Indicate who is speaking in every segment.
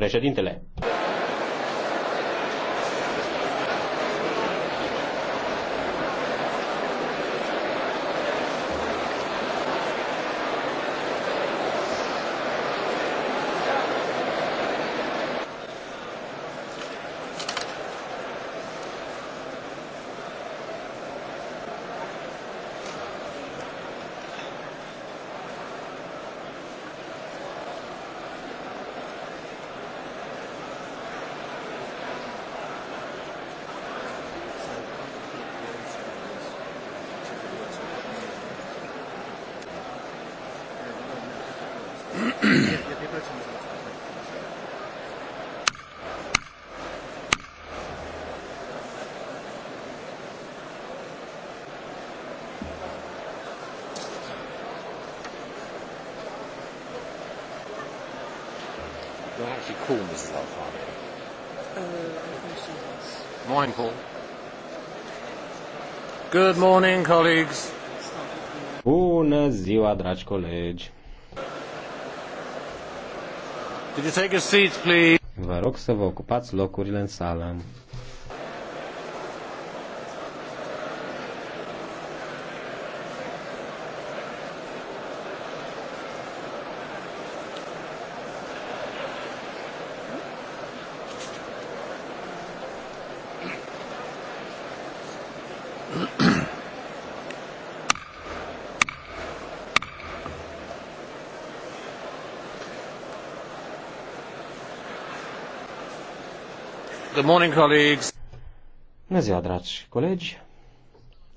Speaker 1: Președintele. actually call Mrs. Alfani?
Speaker 2: Uh, I think she
Speaker 1: does. Morning, Paul. Good morning, colleagues. Bună ziua, dragi colegi. Did you take a seat, please? Vă rog să vă ocupați locurile în sală. Good morning, colleagues. Bună ziua, dragi colegi.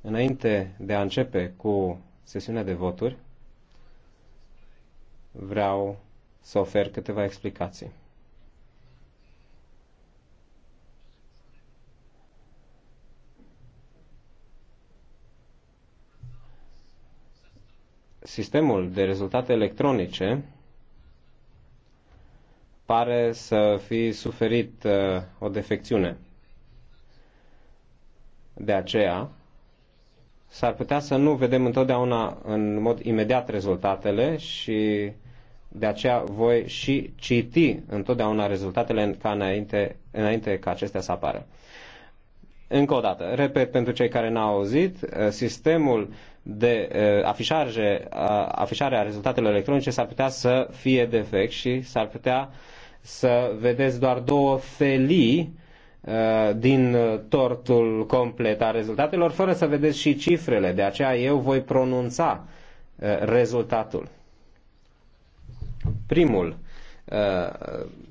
Speaker 1: Înainte de a începe cu sesiunea de voturi, vreau să ofer câteva explicații. sistemul de rezultate electronice pare să fi suferit uh, o defecțiune. De aceea, s-ar putea să nu vedem întotdeauna în mod imediat rezultatele și de aceea voi și citi întotdeauna rezultatele ca înainte, înainte ca acestea să apară. Încă o dată, repet pentru cei care n-au auzit, uh, sistemul de afișare, eh, afișare a rezultatelor electronice s-ar putea să fie defect și s-ar putea să vedeți doar două felii eh, din tortul complet a rezultatelor, fără să vedeți și cifrele. De aceea eu voi pronunța eh, rezultatul. Primul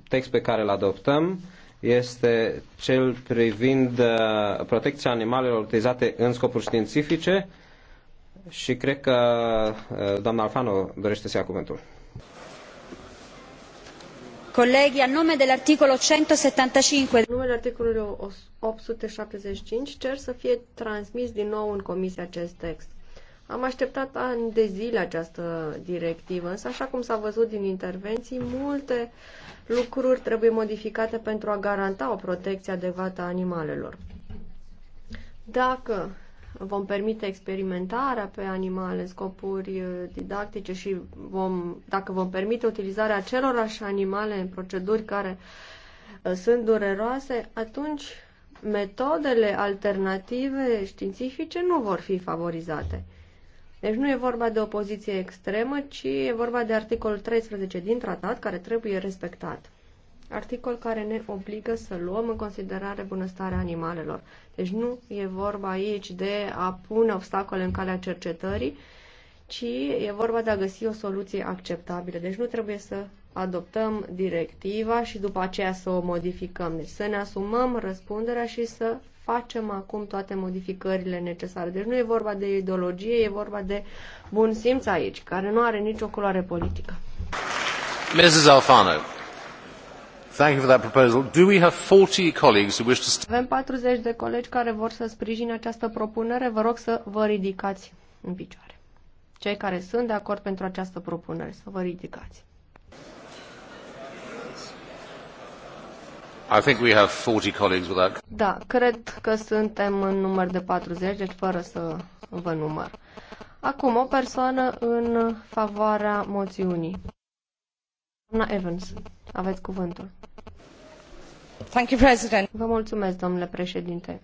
Speaker 1: text pe care îl adoptăm este cel privind protecția animalelor utilizate în scopuri științifice, și cred că uh, doamna Alfano dorește să ia cuvântul.
Speaker 3: Colegi, nume de articolul 175... Numele articolului 875 cer să fie transmis din nou în comisie acest text. Am așteptat ani de zile această directivă, însă așa cum s-a văzut din intervenții, multe lucruri trebuie modificate pentru a garanta o protecție adecvată a animalelor. Dacă vom permite experimentarea pe animale în scopuri uh, didactice și vom, dacă vom permite utilizarea acelorași animale în proceduri care uh, sunt dureroase, atunci metodele alternative științifice nu vor fi favorizate. Deci nu e vorba de o poziție extremă, ci e vorba de articolul 13 din tratat care trebuie respectat articol care ne obligă să luăm în considerare bunăstarea animalelor. Deci nu e vorba aici de a pune obstacole în calea cercetării, ci e vorba de a găsi o soluție acceptabilă. Deci nu trebuie să adoptăm directiva și după aceea să o modificăm. Deci să ne asumăm răspunderea și să facem acum toate modificările necesare. Deci nu e vorba de ideologie, e vorba de bun simț aici, care nu are nicio culoare politică.
Speaker 1: Mrs. Alfano. Avem
Speaker 3: 40 de colegi care vor să sprijine această propunere. Vă rog să vă ridicați în picioare. Cei care sunt de acord pentru această propunere, să vă ridicați.
Speaker 1: I think we have 40 colleagues that.
Speaker 3: Da, cred că suntem în număr de 40, deci fără să vă număr. Acum, o persoană în favoarea moțiunii. Doamna Evans. Aveți cuvântul. Thank you, President. Vă mulțumesc, domnule președinte.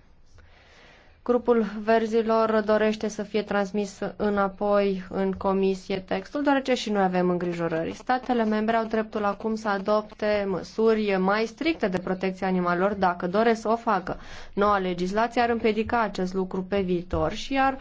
Speaker 3: Grupul Verzilor dorește să fie transmis înapoi în comisie textul, deoarece și noi avem îngrijorări. Statele membre au dreptul acum să adopte măsuri mai stricte de protecție animalelor dacă doresc să o facă. Noua legislație ar împiedica acest lucru pe viitor și ar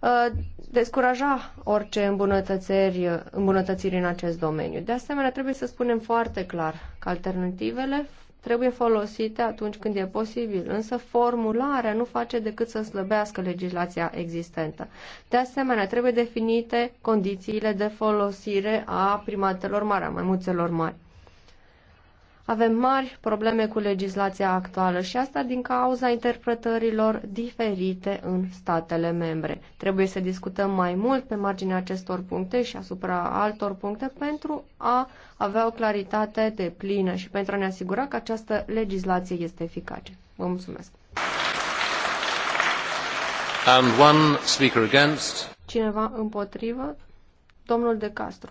Speaker 3: Uh, descuraja orice îmbunătățiri, îmbunătățiri în acest domeniu. De asemenea, trebuie să spunem foarte clar că alternativele trebuie folosite atunci când e posibil, însă formularea nu face decât să slăbească legislația existentă. De asemenea, trebuie definite condițiile de folosire a primatelor mari, a maimuțelor mari. Avem mari probleme cu legislația actuală și asta din cauza interpretărilor diferite în statele membre. Trebuie să discutăm mai mult pe marginea acestor puncte și asupra altor puncte pentru a avea o claritate de plină și pentru a ne asigura că această legislație este eficace. Vă mulțumesc!
Speaker 1: And one speaker against.
Speaker 3: Cineva împotrivă? Domnul De Castro.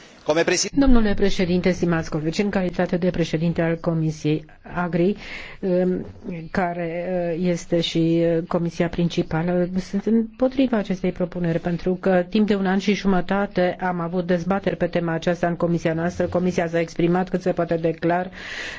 Speaker 2: Domnule președinte, stimați colegi, în calitate de președinte al Comisiei Agri, um, care uh, este și uh, comisia principală, sunt împotriva acestei propuneri, pentru că timp de un an și jumătate am avut dezbateri pe tema aceasta în comisia noastră. Comisia s-a exprimat cât se poate de clar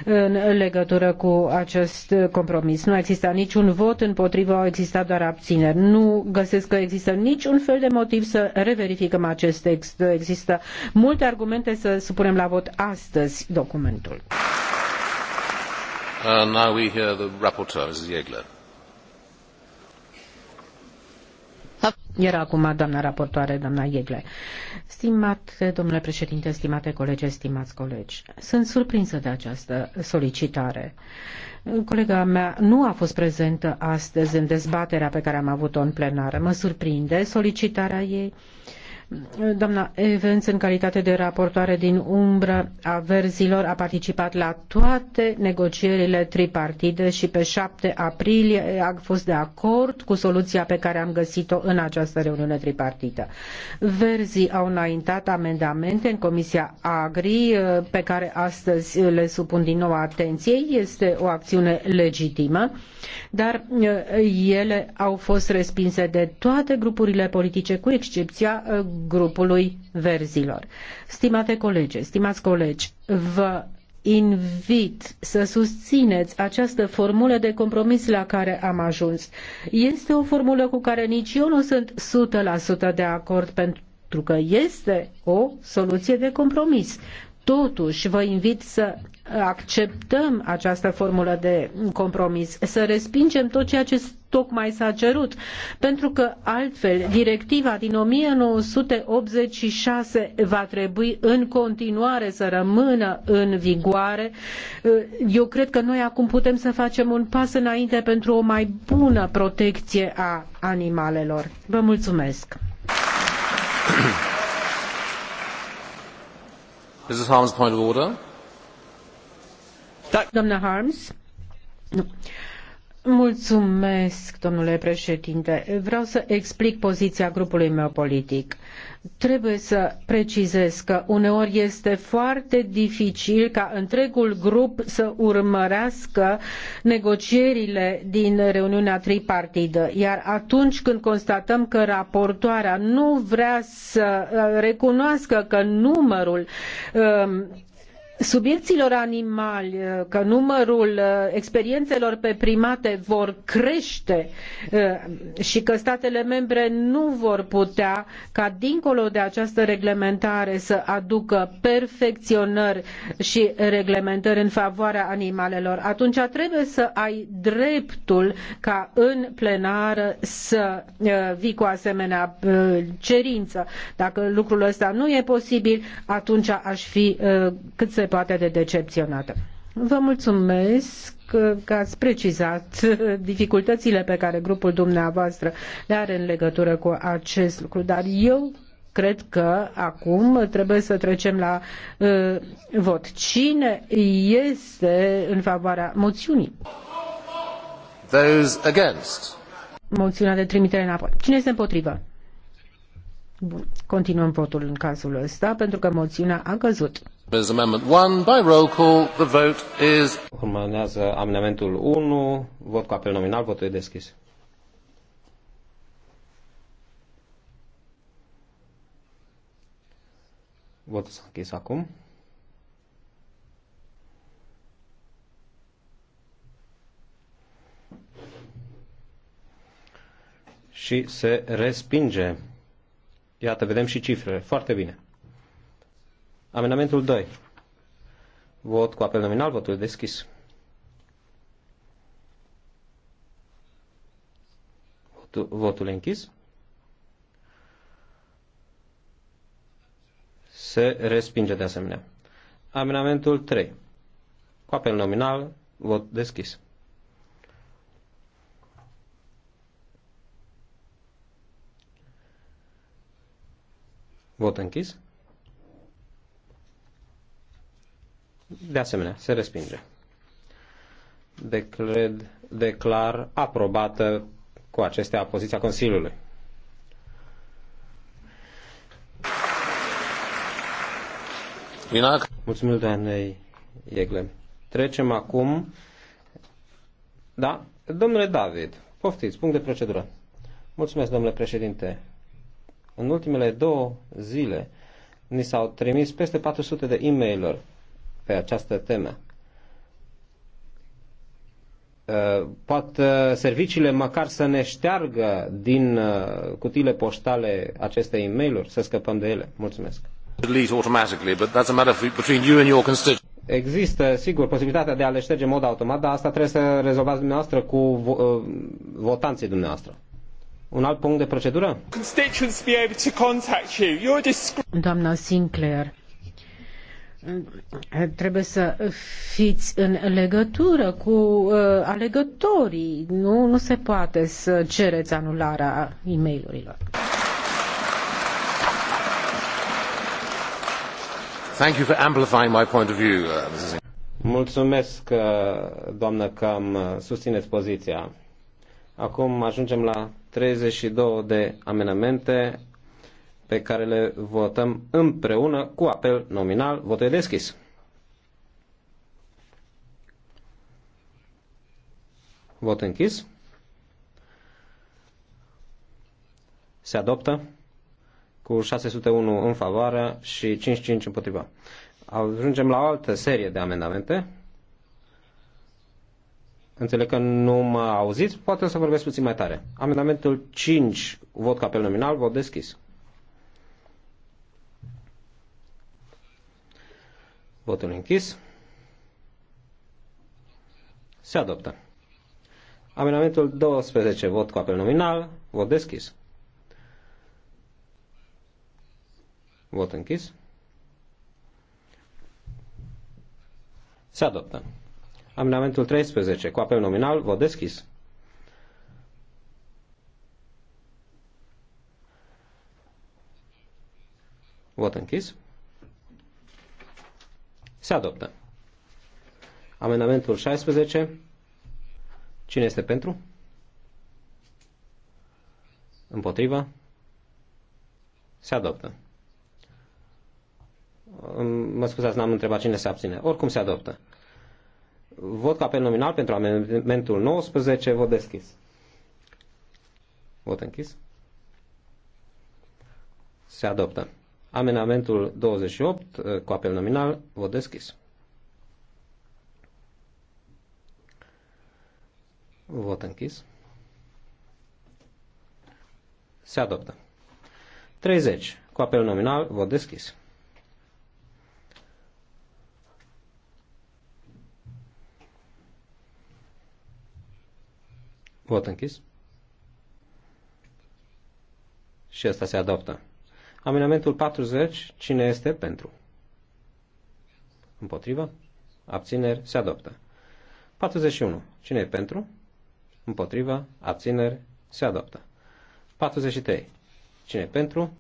Speaker 2: în legătură cu acest compromis. Nu a existat niciun vot împotriva, au existat doar abțineri. Nu găsesc că există niciun fel de motiv să reverificăm acest text. Există multe argumente să supunem la vot astăzi documentul.
Speaker 1: Uh, now we hear the rapporteur, Mrs. Yegler.
Speaker 2: Era acum doamna raportoare, doamna Iegle. Stimat domnule președinte, stimate colegi, stimați colegi, sunt surprinsă de această solicitare. Colega mea nu a fost prezentă astăzi în dezbaterea pe care am avut-o în plenară. Mă surprinde solicitarea ei. Uh, Doamna Evans, în calitate de raportoare din umbră a verzilor, a participat la toate negocierile tripartite și pe 7 aprilie a fost de acord cu soluția pe care am găsit-o în această reuniune tripartită. Verzii au înaintat amendamente în Comisia Agri, eh, pe care astăzi le supun din nou atenției. Este o acțiune legitimă, dar eh, ele au fost respinse de toate grupurile politice, cu excepția eh, grupului verzilor. Stimate colege, stimați colegi, vă invit să susțineți această formulă de compromis la care am ajuns. Este o formulă cu care nici eu nu sunt 100% de acord pentru că este o soluție de compromis. Totuși, vă invit să acceptăm această formulă de compromis, să respingem tot ceea ce tocmai s-a cerut, pentru că altfel directiva din 1986 va trebui în continuare să rămână în vigoare. Eu cred că noi acum putem să facem un pas înainte pentru o mai bună protecție a animalelor. Vă mulțumesc!
Speaker 1: Mrs. Harms, point of order.
Speaker 2: Da- Doamna Harms, Mulțumesc, domnule președinte. Vreau să explic poziția grupului meu politic. Trebuie să precizez că uneori este foarte dificil ca întregul grup să urmărească negocierile din reuniunea tripartidă, iar atunci când constatăm că raportoarea nu vrea să uh, recunoască că numărul um, subiecților animali, uh, că numărul uh, experiențelor pe primate vor crește uh, și că statele membre nu vor putea ca dincolo de această reglementare să aducă perfecționări și reglementări în favoarea animalelor, atunci trebuie să ai dreptul ca în plenară să vii cu asemenea cerință. Dacă lucrul ăsta nu e posibil, atunci aș fi cât se poate de decepționată. Vă mulțumesc că ați precizat dificultățile pe care grupul dumneavoastră le are în legătură cu acest lucru, dar eu cred că acum trebuie să trecem la uh, vot. Cine este în favoarea moțiunii?
Speaker 1: Those against.
Speaker 2: Moțiunea de trimitere înapoi. Cine este împotrivă? Bun. Continuăm votul în cazul ăsta pentru că moțiunea a căzut.
Speaker 1: Urmează amendamentul 1, vot cu apel nominal, votul e deschis. Votul s-a închis acum. Și se respinge. Iată, vedem și cifrele. Foarte bine. Amendamentul 2. Vot cu apel nominal, votul deschis. Votul, închis. Se respinge de asemenea. Amendamentul 3. Cu apel nominal, vot deschis. Vot închis. De asemenea, se respinge. Decred, declar aprobată cu acestea poziția Consiliului. Inac. Mulțumim, doamnei Iegle. Trecem acum. Da? Domnule David, poftiți, punct de procedură. Mulțumesc, domnule președinte. În ultimele două zile ni s-au trimis peste 400 de e mail pe această temă. Uh, poate uh, serviciile măcar să ne șteargă din uh, cutiile poștale aceste e mail să scăpăm de ele. Mulțumesc. Există, sigur, posibilitatea de a le șterge în mod automat, dar asta trebuie să rezolvați dumneavoastră cu vo- votanții dumneavoastră. Un alt punct de procedură?
Speaker 2: Doamna Sinclair, trebuie să fiți în legătură cu uh, alegătorii. Nu, nu se poate să cereți anularea e mail
Speaker 1: Thank you for amplifying my point of view, uh, Mrs. Mulțumesc, uh, doamnă, că am susțineți poziția. Acum ajungem la 32 de amenamente pe care le votăm împreună cu apel nominal. Votul e deschis. Vot închis. Se adoptă cu 601 în favoare și 55 împotriva. Ajungem la o altă serie de amendamente. Înțeleg că nu mă auziți, poate o să vorbesc puțin mai tare. Amendamentul 5, vot capel apel nominal, vot deschis. Votul închis. Se adoptă. Amendamentul 12, vot cu apel nominal, vot deschis. Vot închis. Se adoptă. Amendamentul 13, cu apel nominal, vot deschis. Vot închis. Se adoptă. Amendamentul 16. Cine este pentru? Împotrivă. Se adoptă. Mă scuzați, n-am întrebat cine se abține. Oricum se adoptă. Vot ca apel nominal pentru amendamentul 19. Vot deschis. Vot închis. Se adoptă. Amenamentul 28 uh, cu apel nominal, vot deschis. Vot închis. Se adoptă. 30. Cu apel nominal, vot deschis. Vot închis. Și asta se adoptă. Amendamentul 40, cine este pentru? Împotrivă? Abțineri, se adoptă. 41. Cine e pentru? Împotrivă, abțineri, se adoptă. 43. Cine e pentru?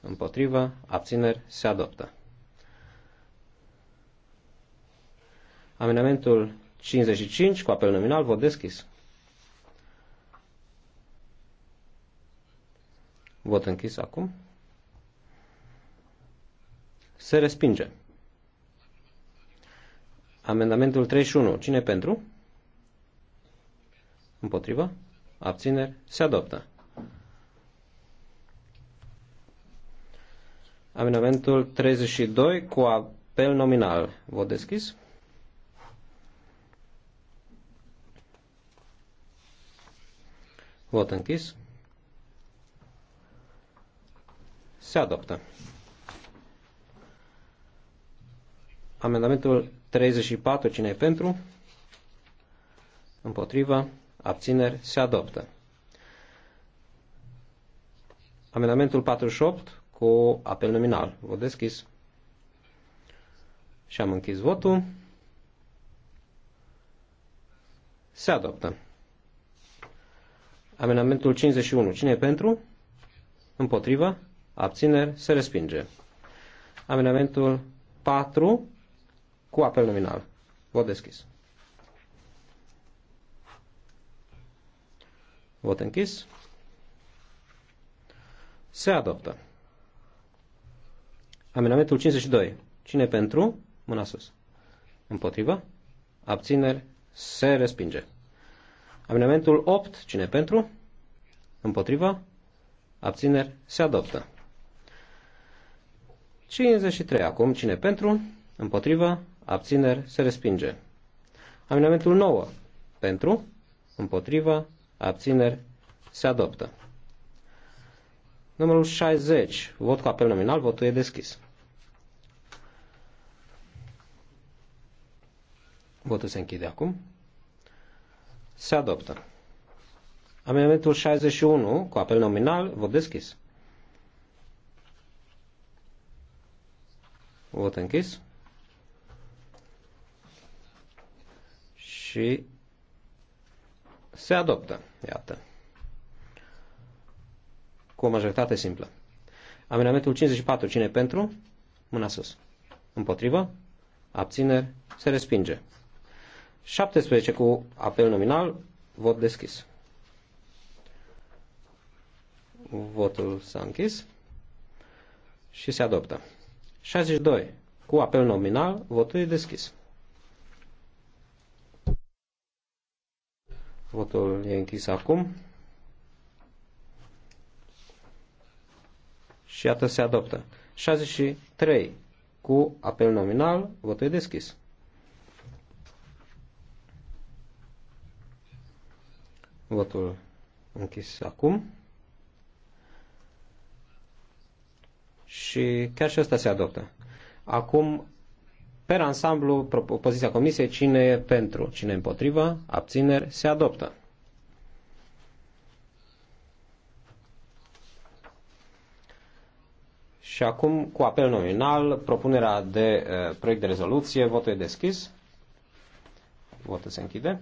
Speaker 1: Împotrivă, abțineri, se adoptă. Amendamentul 55 cu apel nominal, vot deschis. Vot închis acum. Se respinge. Amendamentul 31. Cine pentru? Împotrivă? Abțineri? Se adoptă. Amendamentul 32 cu apel nominal. Vot deschis. Vot închis. Se adoptă. Amendamentul 34, cine e pentru? Împotrivă, abțineri, se adoptă. Amendamentul 48 cu apel nominal. Vot deschis. Și am închis votul. Se adoptă. Amendamentul 51. Cine e pentru? Împotrivă? Abțineri? Se respinge. Amendamentul 4 cu apel nominal. Vot deschis. Vot închis. Se adoptă. Amendamentul 52. Cine pentru? Mâna sus. Împotrivă? Abțineri? Se respinge. Amendamentul 8. Cine pentru? Împotrivă? Abțineri? Se adoptă. 53. Acum, cine pentru? Împotrivă? abțineri, se respinge. Amendamentul 9 pentru, împotriva, abțineri, se adoptă. Numărul 60, vot cu apel nominal, votul e deschis. Votul se închide acum. Se adoptă. Amendamentul 61, cu apel nominal, vot deschis. Vot închis. și se adoptă, iată, cu o majoritate simplă. Amendamentul 54, cine pentru? Mâna sus. Împotrivă? Abțineri? Se respinge. 17 cu apel nominal, vot deschis. Votul s-a închis și se adoptă. 62 cu apel nominal, votul e deschis. Votul e închis acum. Și iată se adoptă. 63 cu apel nominal, votul e deschis. Votul închis acum. Și chiar și ăsta se adoptă. Acum Per ansamblu, poziția Comisiei, cine e pentru, cine e împotriva, abțineri, se adoptă. Și acum, cu apel nominal, propunerea de uh, proiect de rezoluție, votul e deschis. Votul se închide.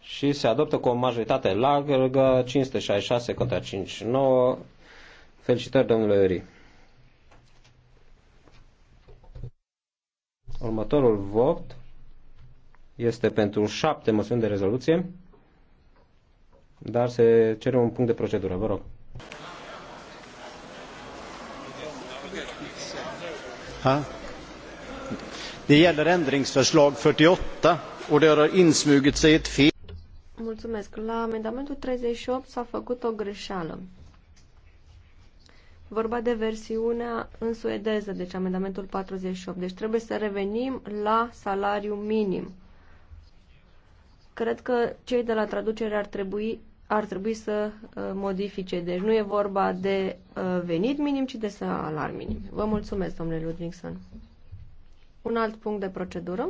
Speaker 1: Și se adoptă cu o majoritate largă, 566 contra 59. Felicitări, domnule Uri. Următorul vot este pentru șapte moțiuni de rezoluție, dar se cere un punct de procedură. Vă rog. Ha? Det gäller ändringsförslag 48 och det har insmugit sig ett fel.
Speaker 3: Mulțumesc. La amendamentul 38 s-a făcut o greșeală vorba de versiunea în suedeză, deci amendamentul 48. Deci trebuie să revenim la salariu minim. Cred că cei de la traducere ar trebui, ar trebui să uh, modifice. Deci nu e vorba de uh, venit minim, ci de salariu minim. Vă mulțumesc, domnule Ludvigson. Un alt punct de procedură.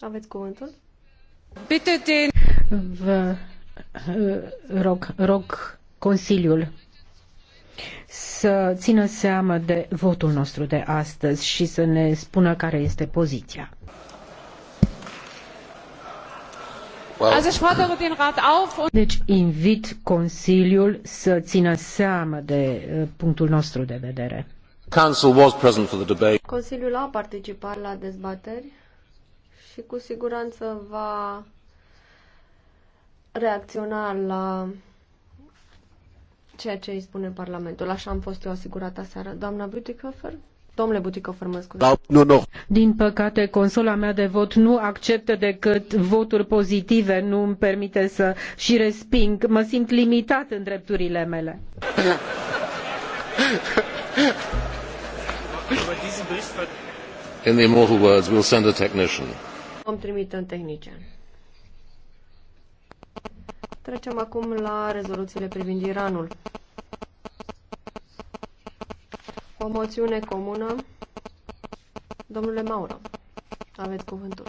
Speaker 3: Aveți cuvântul?
Speaker 2: Vă uh, rog, rog Consiliul să țină seamă de votul nostru de astăzi și să ne spună care este poziția. Deci invit Consiliul să țină seamă de uh, punctul nostru de vedere.
Speaker 3: Consiliul a participat la dezbateri și cu siguranță va reacționa la ceea ce îi spune Parlamentul. Așa am fost eu asigurată aseară. Doamna Butikofer? Domnule Buticofer, mă
Speaker 2: scuze. Nu, nu. Din păcate, consola mea de vot nu acceptă decât voturi pozitive, nu îmi permite să și resping. Mă simt limitat în drepturile mele.
Speaker 1: In the immortal words, we'll send a technician.
Speaker 3: Vom trimite un tehnician. Trecem acum la rezoluțiile privind Iranul. O moțiune comună. Domnule Mauro, aveți cuvântul.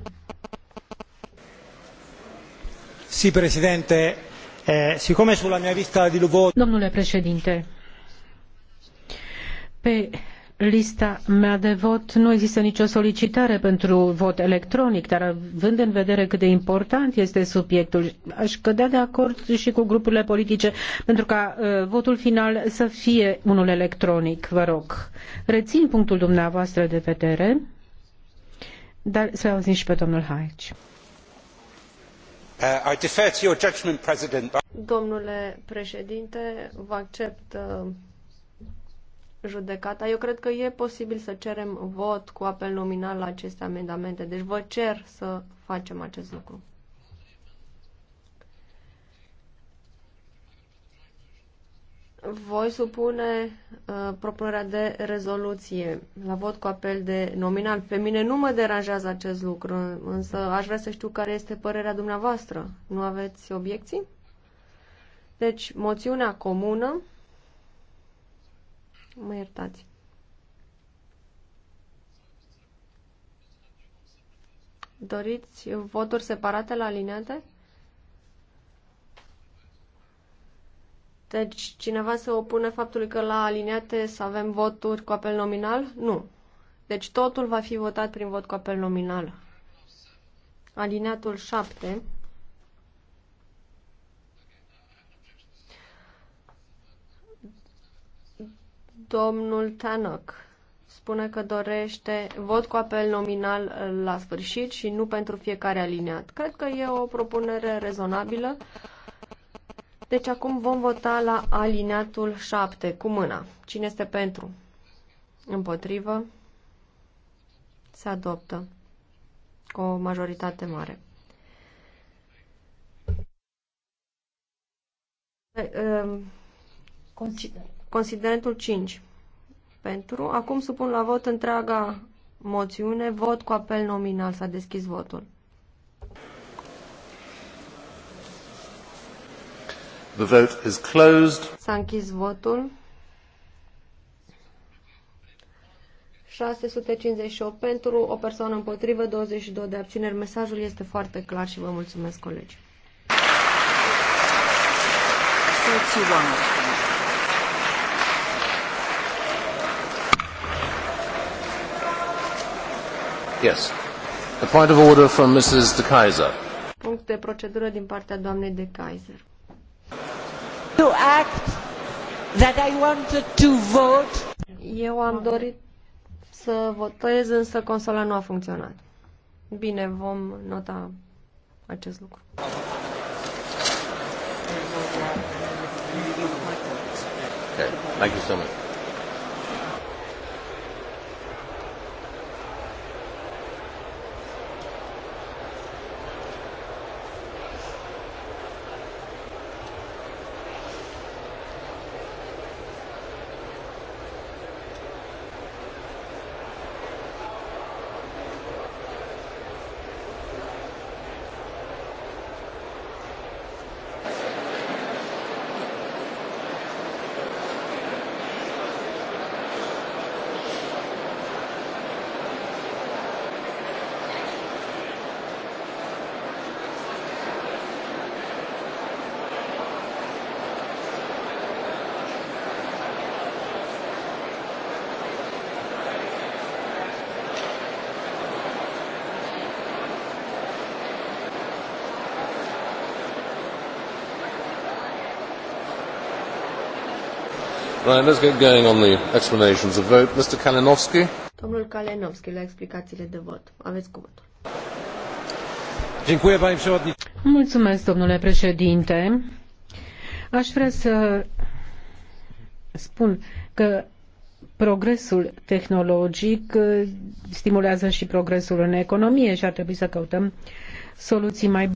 Speaker 2: Si, președinte, eh, siccome sulla mia vista di Luvo... Domnule președinte, pe lista mea de vot nu există nicio solicitare pentru vot electronic, dar având în vedere cât de important este subiectul, aș cădea de acord și cu grupurile politice pentru ca uh, votul final să fie unul electronic, vă rog. Rețin punctul dumneavoastră de vedere, dar să auzim și pe domnul Haici.
Speaker 1: Uh, I defer to your judgment, President.
Speaker 3: Domnule președinte, vă accept uh, judecata, eu cred că e posibil să cerem vot cu apel nominal la aceste amendamente. Deci vă cer să facem acest lucru. Voi supune uh, propunerea de rezoluție la vot cu apel de nominal. Pe mine nu mă deranjează acest lucru, însă aș vrea să știu care este părerea dumneavoastră. Nu aveți obiecții? Deci, moțiunea comună Mă iertați. Doriți voturi separate la alineate? Deci cineva se opune faptului că la alineate să avem voturi cu apel nominal? Nu. Deci totul va fi votat prin vot cu apel nominal. Alineatul 7. Domnul Tanok spune că dorește vot cu apel nominal la sfârșit și nu pentru fiecare aliniat. Cred că e o propunere rezonabilă. Deci acum vom vota la alineatul 7 cu mâna. Cine este pentru? Împotrivă? Se adoptă cu o majoritate mare. Um, Consider. Considerentul 5. Pentru. Acum supun la vot întreaga moțiune. Vot cu apel nominal. S-a deschis votul.
Speaker 1: The vote is closed.
Speaker 3: S-a închis votul. 658 pentru, o persoană împotrivă, 22 de abțineri. Mesajul este foarte clar și vă mulțumesc, colegi.
Speaker 2: Mulțumesc.
Speaker 1: Yes. The point of order from Mrs. De Kaiser.
Speaker 3: Punct de procedură din partea doamnei De Kaiser.
Speaker 2: To act that I wanted to vote.
Speaker 3: Eu am dorit să votez, însă consola nu a funcționat. Bine, vom nota acest lucru.
Speaker 1: Okay. Thank you so much. Right, Kalinowski.
Speaker 3: Domnul Kalinowski, la explicațiile de vot. Aveți cuvântul.
Speaker 2: Mulțumesc, domnule președinte. Aș vrea să spun că progresul tehnologic uh, stimulează și progresul în economie și ar trebui să căutăm soluții mai